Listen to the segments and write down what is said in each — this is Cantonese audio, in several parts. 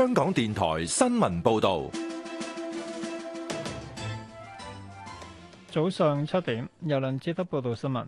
香港電台新聞報道，早上七點，有梁志德報道新聞。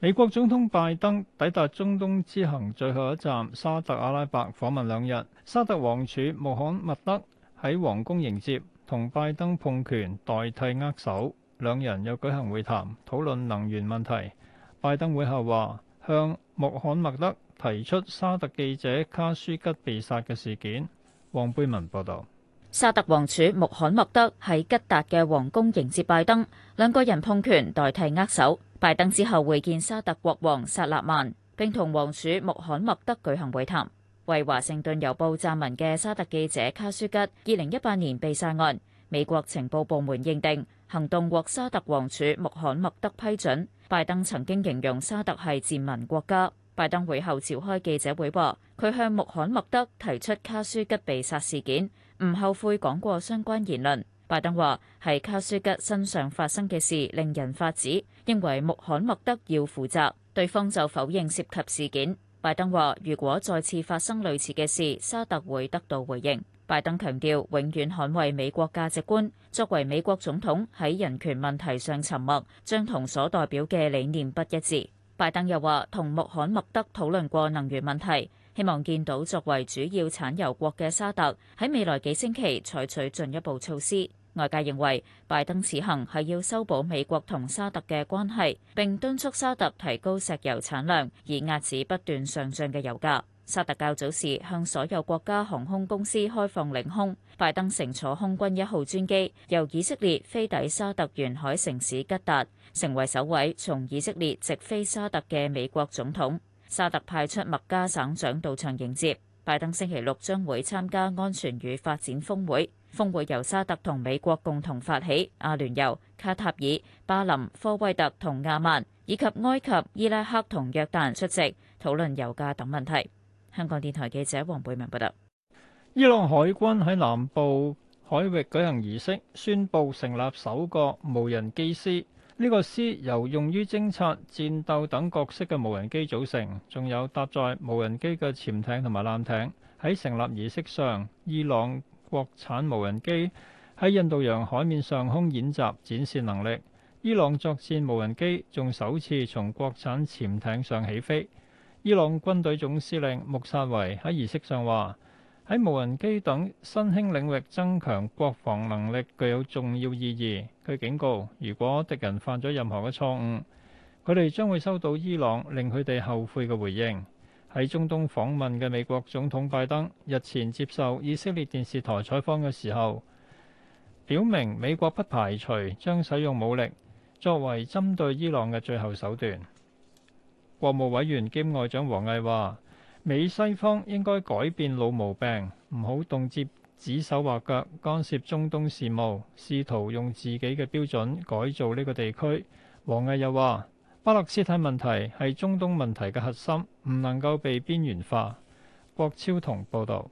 美國總統拜登抵達中東之行最後一站沙特阿拉伯訪問兩日。沙特王儲穆罕默德喺皇宮迎接，同拜登碰拳代替握手，兩人又舉行會談，討論能源問題。拜登會後話向穆罕默德提出沙特記者卡舒吉被殺嘅事件。王貝文報道，沙特王儲穆罕默德喺吉達嘅皇宮迎接拜登，兩個人碰拳代替握手。拜登之後會見沙特國王薩勒曼，並同王儲穆罕默德舉行會談。為華盛頓郵報撰文嘅沙特記者卡舒吉，二零一八年被殺案，美國情報部門認定行動獲沙特王儲穆罕默德批准。拜登曾經形容沙特係賤民國家。拜登會後召開記者會，話佢向穆罕默德提出卡舒吉被殺事件，唔後悔講過相關言論。拜登話喺卡舒吉身上發生嘅事令人髮指，認為穆罕默德要負責。對方就否認涉及事件。拜登話如果再次發生類似嘅事，沙特會得到回應。拜登強調永遠捍衛美國價值觀。作為美國總統喺人權問題上沉默，將同所代表嘅理念不一致。拜登又話同穆罕默德討論過能源問題，希望見到作為主要產油國嘅沙特喺未來幾星期採取進一步措施。外界認為拜登此行係要修補美國同沙特嘅關係，並敦促沙特提高石油產量，以壓止不斷上漲嘅油價。沙特較早時向所有國家航空公司開放領空。拜登乘坐空軍一號專機，由以色列飛抵沙特沿海城市吉達，成為首位從以色列直飛沙特嘅美國總統。沙特派出麥加省長到場迎接拜登。星期六將會參加安全與發展峰會，峰會由沙特同美國共同發起。阿聯酋、卡塔爾、巴林、科威特同亞曼以及埃及、伊拉克同約旦出席，討論油價等問題。香港電台記者王貝文報道：伊朗海軍喺南部海域舉行儀式，宣布成立首個無人機師。呢個師由用於偵察、戰鬥等角色嘅無人機組成，仲有搭載無人機嘅潛艇同埋艦艇。喺成立儀式上，伊朗國產無人機喺印度洋海面上空演習展示能力。伊朗作戰無人機仲首次從國產潛艇上起飛。伊朗軍隊總司令穆薩維喺儀式上話：喺無人機等新興領域增強國防能力具有重要意義。佢警告：如果敵人犯咗任何嘅錯誤，佢哋將會收到伊朗令佢哋後悔嘅回應。喺中東訪問嘅美國總統拜登日前接受以色列電視台採訪嘅時候，表明美國不排除將使用武力作為針對伊朗嘅最後手段。國務委員兼外長王毅話，美西方應該改變老毛病，唔好動輒指手畫腳干涉中東事務，試圖用自己嘅標準改造呢個地區。王毅又話，巴勒斯坦問題係中東問題嘅核心，唔能夠被邊緣化。郭超同報道。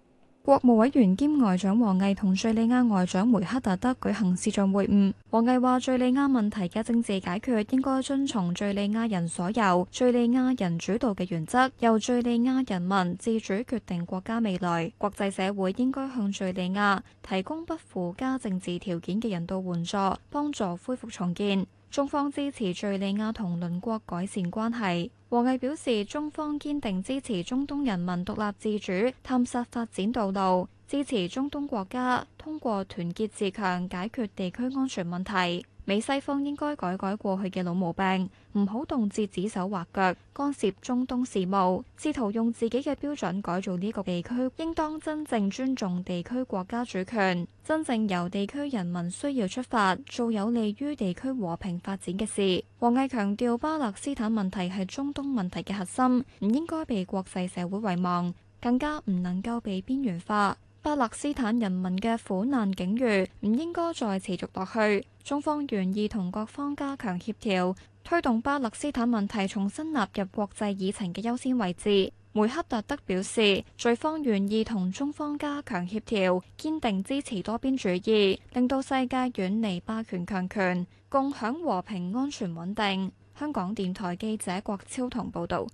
國務委員兼外長王毅同敘利亞外長梅克達德舉行視像會晤。王毅話：敘利亞問題嘅政治解決應該遵從敘利亞人所有、敘利亞人主導嘅原則，由敘利亞人民自主決定國家未來。國際社會應該向敘利亞提供不附加政治條件嘅人道援助，幫助恢復重建。中方支持敘利亞同鄰國改善關係。王毅表示，中方堅定支持中東人民獨立自主、探索發展道路，支持中東國家通過團結自強解決地區安全問題。美西方應該改改過去嘅老毛病，唔好動輒指手畫腳干涉中東事務，試圖用自己嘅標準改造呢個地區。應當真正尊重地區國家主權，真正由地區人民需要出發，做有利於地區和平發展嘅事。王毅強調，巴勒斯坦問題係中東問題嘅核心，唔應該被國際社會遺忘，更加唔能夠被邊緣化。巴勒斯坦人民嘅苦難境遇唔應該再持續落去，中方願意同各方加強協調，推動巴勒斯坦問題重新納入國際議程嘅優先位置。梅克達德表示，敘方願意同中方加強協調，堅定支持多邊主義，令到世界遠離霸權強權，共享和平、安全、穩定。香港電台記者郭超同報道。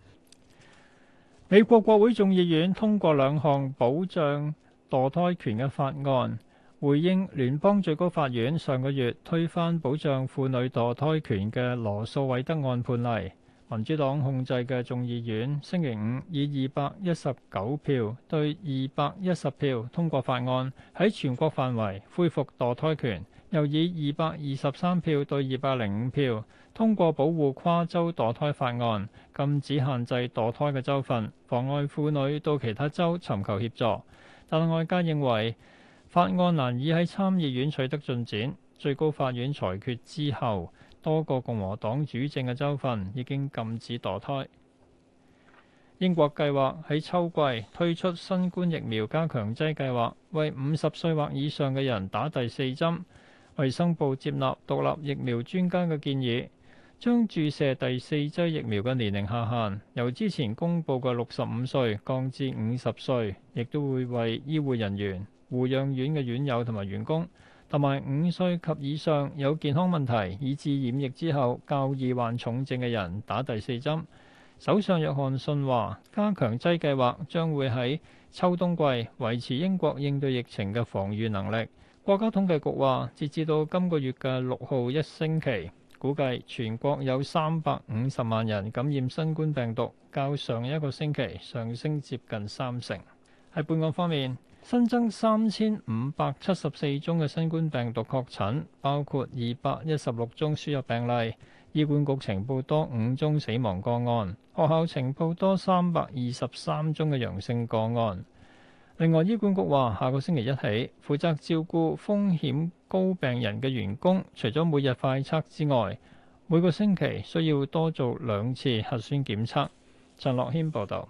美國國會眾議院通過兩項保障墮胎權嘅法案，回應聯邦最高法院上個月推翻保障婦女墮胎權嘅羅素偉德案判例。民主黨控制嘅眾議院星期五以二百一十九票對二百一十票通過法案，喺全國範圍恢復墮胎權。又以二百二十三票對二百零五票通過保護跨州墮胎法案，禁止限制墮胎嘅州份，妨礙婦女到其他州尋求協助。但外界認為法案難以喺參議院取得進展。最高法院裁決之後，多個共和黨主政嘅州份已經禁止墮胎。英國計劃喺秋季推出新冠疫苗加強劑計劃，為五十歲或以上嘅人打第四針。衛生部接納獨立疫苗專家嘅建議。將注射第四劑疫苗嘅年齡下限由之前公布嘅六十五歲降至五十歲，亦都會為醫護人員、護養院嘅院友同埋員工，同埋五歲及以上有健康問題以致染疫之後較易患重症嘅人打第四針。首相約翰遜話：加強劑計劃將會喺秋冬季維持英國應對疫情嘅防禦能力。國家統計局話：截至到今個月嘅六號一星期。估計全國有三百五十萬人感染新冠病毒，較上一個星期上升接近三成。喺本案方面，新增三千五百七十四宗嘅新冠病毒確診，包括二百一十六宗輸入病例。醫管局呈報多五宗死亡個案，學校呈報多三百二十三宗嘅陽性個案。另外，醫管局話：下個星期一起，負責照顧風險高病人嘅員工，除咗每日快測之外，每個星期需要多做兩次核酸檢測。陳樂軒報導。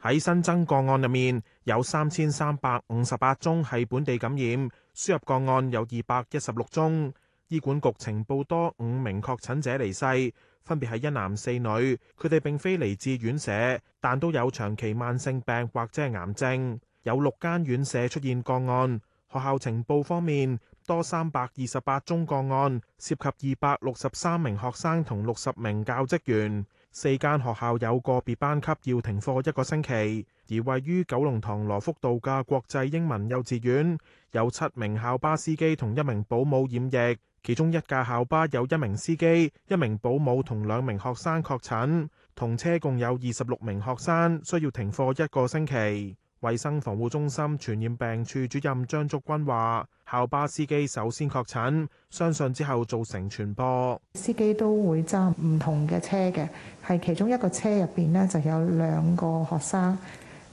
喺新增個案入面，有三千三百五十八宗係本地感染，輸入個案有二百一十六宗。醫管局呈報多五名確診者離世，分別係一男四女。佢哋並非嚟自院舍，但都有長期慢性病或者係癌症。有六間院舍出現個案。學校情報方面多三百二十八宗個案，涉及二百六十三名學生同六十名教職員。四間學校有個別班級要停課一個星期。而位於九龍塘羅福道嘅國際英文幼稚園有七名校巴司機同一名保姆染疫，其中一架校巴有一名司機、一名保姆同兩名學生確診，同車共有二十六名學生需要停課一個星期。衛生防護中心傳染病處主任張竹君話：校巴司機首先確診，相信之後造成傳播。司機都會揸唔同嘅車嘅，喺其中一個車入面呢，就有兩個學生。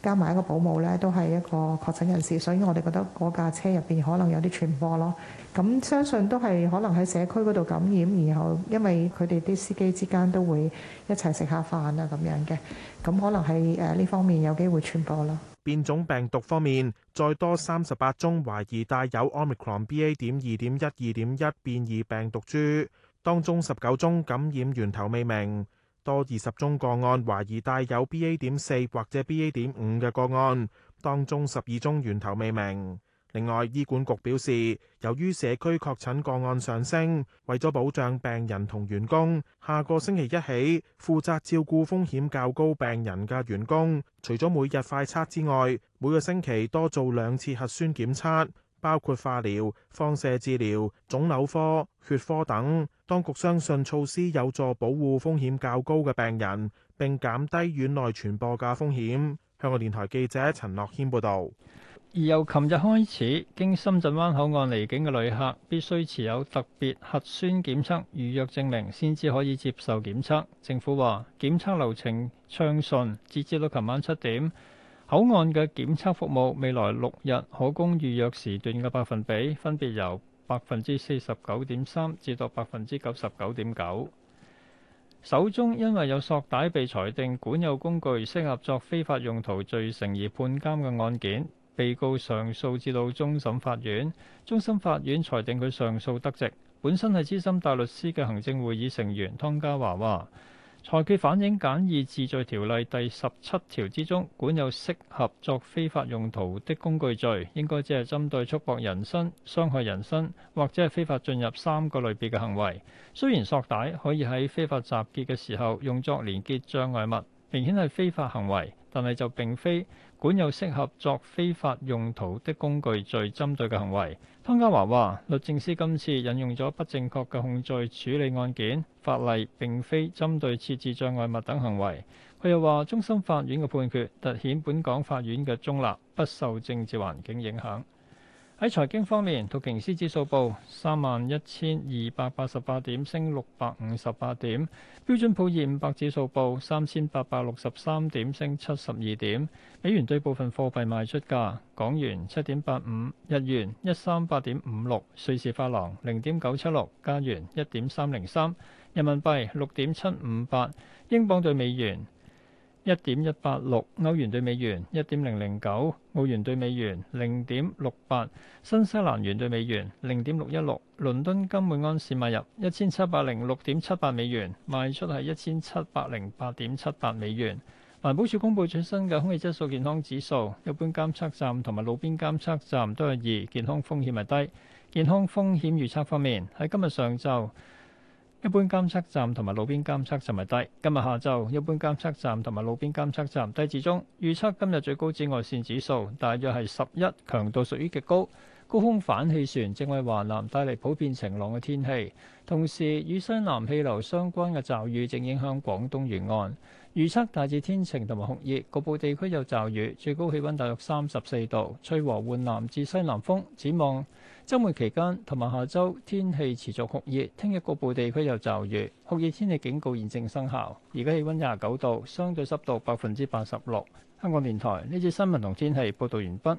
加埋一個保姆咧，都係一個確診人士，所以我哋覺得嗰架車入邊可能有啲傳播咯。咁、嗯、相信都係可能喺社區嗰度感染，然後因為佢哋啲司機之間都會一齊食下飯啊咁樣嘅，咁、嗯、可能係誒呢方面有機會傳播咯。變種病毒方面，再多三十八宗懷疑帶有 Omicron BA.2.12.1 變異病毒株，當中十九宗感染源頭未明。多二十宗個案，懷疑帶有 BA. 點四或者 BA. 點五嘅個案，當中十二宗源頭未明。另外，醫管局表示，由於社區確診個案上升，為咗保障病人同員工，下個星期一起負責照顧風險較高病人嘅員工，除咗每日快測之外，每個星期多做兩次核酸檢測。包括化療、放射治療、腫瘤科、血科等。當局相信措施有助保護風險較高嘅病人，並減低院內傳播嘅風險。香港電台記者陳樂軒報導。而由琴日開始，經深圳灣口岸離境嘅旅客必須持有特別核酸檢測預約證明，先至可以接受檢測。政府話檢測流程暢順，截至到琴晚七點。口岸嘅檢測服務未來六日可供預約時段嘅百分比，分別由百分之四十九點三至到百分之九十九點九。首宗因為有索帶被裁定管有工具適合作非法用途罪成而判監嘅案件，被告上訴至到終審法院，終審法院裁定佢上訴得直，本身係資深大律師嘅行政會議成員湯家驊話。裁決反映簡易治罪條例第十七條之中，管有適合作非法用途的工具罪，應該只係針對束縛人身、傷害人身或者係非法進入三個類別嘅行為。雖然索帶可以喺非法集結嘅時候用作連結障礙物，明顯係非法行為。但係就並非管有適合作非法用途的工具罪針對嘅行為。湯家驊話：律政司今次引用咗不正確嘅控罪處理案件，法例並非針對設置障礙物等行為。佢又話：中心法院嘅判決突顯本港法院嘅中立，不受政治環境影響。喺財經方面，道瓊斯指數報三萬一千二百八十八點，升六百五十八點；標準普爾五百指數報三千八百六十三點，升七十二點。美元對部分貨幣賣出價：港元七點八五，日元一三八點五六，瑞士法郎零點九七六，加元一點三零三，人民幣六點七五八，英鎊對美元，一點一八六歐元兌美元，一點零零九澳元兌美元，零點六八新西蘭元兌美元，零點六一六。倫敦金每安士買入一千七百零六點七八美元，賣出係一千七百零八點七八美元。環保署公布最新嘅空氣質素健康指數，一般監測站同埋路邊監測站都係二，健康風險係低。健康風險預測方面，喺今日上晝。一般監測站同埋路邊監測站係低，今日下晝一般監測站同埋路邊監測站低至中，預測今日最高紫外線指數大約係十一，強度屬於極高。高空反氣旋正為華南帶嚟普遍晴朗嘅天氣，同時與西南氣流相關嘅驟雨正影響廣東沿岸。預測大致天晴同埋酷熱，局部地區有驟雨，最高氣温大約三十四度。吹和緩南至西南風。展望周末期間同埋下周天氣持續酷熱，聽日局部地區有驟雨，酷熱天氣警告現正生效。而家氣温廿九度，相對濕度百分之八十六。香港電台呢次新聞同天氣報道完畢。